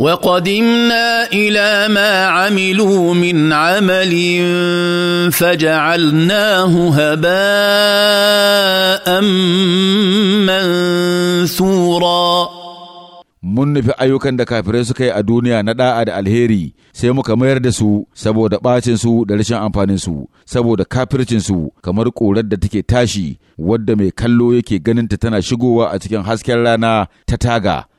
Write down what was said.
وقدمنا الى ما عملوا من عمل فجعلناه هباء منثورا mun nufi ayyukan da kafirai suka yi a duniya na da'a da alheri sai muka mayar da su saboda bacin su da rashin amfanin su saboda kafircin su kamar ƙorar da take tashi wadda mai kallo yake ganinta tana shigowa a cikin hasken rana ta taga